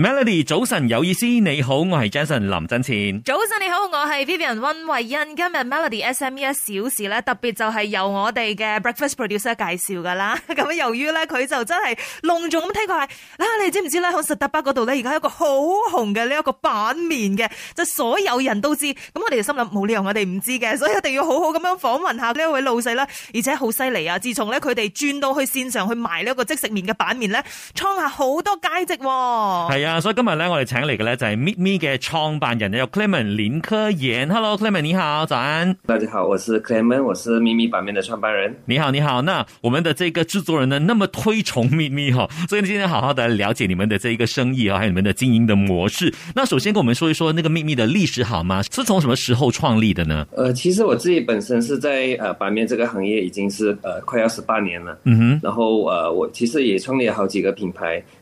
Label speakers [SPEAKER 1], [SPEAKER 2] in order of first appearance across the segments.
[SPEAKER 1] Melody 早晨有意思，你好，我係 Jason 林振前。
[SPEAKER 2] 早晨你好，我係 Vivian 溫慧欣。今日 Melody S M E 一小時咧，特別就係由我哋嘅 Breakfast Producer 介紹噶啦。咁 由於咧佢就真係隆重咁推介，嗱、啊、你知唔知咧喺實達北嗰度咧而家一個好紅嘅呢一個板麵嘅，就所有人都知。咁我哋就心諗冇理由我哋唔知嘅，所以一定要好好咁樣訪問下呢一位老細啦。而且好犀利啊！自從咧佢哋轉到去線上去賣呢一個即食麵嘅板麵咧，創下好多佳績，哦。係啊。
[SPEAKER 1] 啊、所以今日咧，我哋請嚟嘅咧就係 Meet Me 嘅創辦人叫 Clement 林科研，Hello Clement，你好，早安，
[SPEAKER 3] 大家好，我是 Clement，我是 Meet Me 版面嘅創辦人，
[SPEAKER 1] 你好，你好，那我們的這個製作人呢，那麼推崇 Meet Me 哈 Me，所以你今天好好的了解你們的這一個生意啊，還有你們的經營的模式。那首先跟我們說一說那個 Meet Me 的歷史好嗎？是從什麼時候創立的呢？
[SPEAKER 3] 呃，其實我自己本身是在呃版麵這個行業，已經是呃快要十八年了，嗯哼，然後呃我其實也創立了好幾個品牌。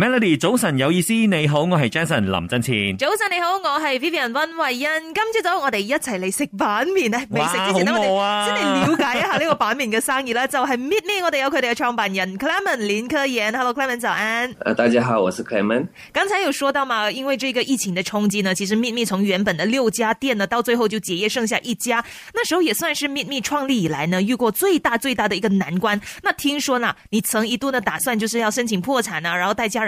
[SPEAKER 1] Melody，早晨有意思，你好，我是 Jason 林振前。
[SPEAKER 2] 早晨你好，我是 Vivian 溫慧欣。今朝早我哋一齊嚟食板麵未食之前啊！哇，我哋先嚟了解一下呢個板麵嘅生意啦。 就係 Meet Mee，我哋有佢哋嘅創辦人 Clement 林科言。Hello Clement，早安。Uh, 大家好，
[SPEAKER 3] 我是 Clement。
[SPEAKER 2] 剛才有說到嘛，因為這個疫情嘅衝擊呢，其實 Meet Mee 從原本嘅六家店呢，到最後就結業剩下一家。那時候也算是 Meet Mee 創立以來呢，遇過最大最大的一個難關。那聽說呢，你曾一度呢，打算就是要申請破產啊，然後帶家人。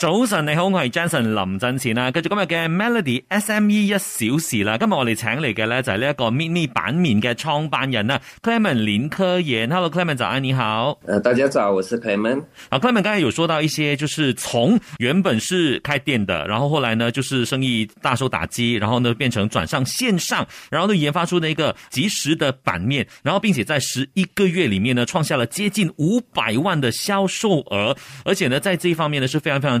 [SPEAKER 1] 早晨，你好，我係 Jason 林振前啦。跟住今日嘅 Melody SME 一小時啦。今日我哋請嚟嘅咧就係呢一個 mini 版面嘅創辦人啦 Clement 林科研。Hello Clement 早安，你好。呃，大家早，我是 Clement。啊 Clement 剛才有說到一些，就是從原本是開店的，然後後來呢，就是生意大受打擊，然後呢變成轉上線上，然後呢研發出呢一個即時的版面，然後並且在十一個月裏面呢創下了接近五百萬的銷售額，而且呢在這一方面呢是非常非常。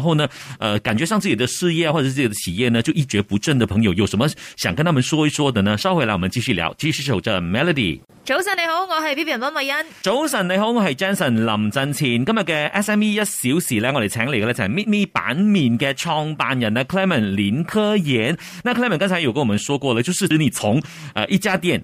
[SPEAKER 1] 然後呢，呃，感覺上自己的事業或者自己的企業呢，就一蹶不振的朋友，有什麼想跟他們說一說的呢？稍回來我們繼續聊。繼續守着 Melody。
[SPEAKER 2] 早晨你好，我係溫偉恩。嗯、
[SPEAKER 1] 早晨你好，我係 Jason 林振前。今日嘅 S M E 一小時呢，我哋請嚟嘅呢就係 Meet Mee 版面嘅創辦人 Clement 林科言。那 Clement 剛才有跟我們說過了，就是你從呃一家店。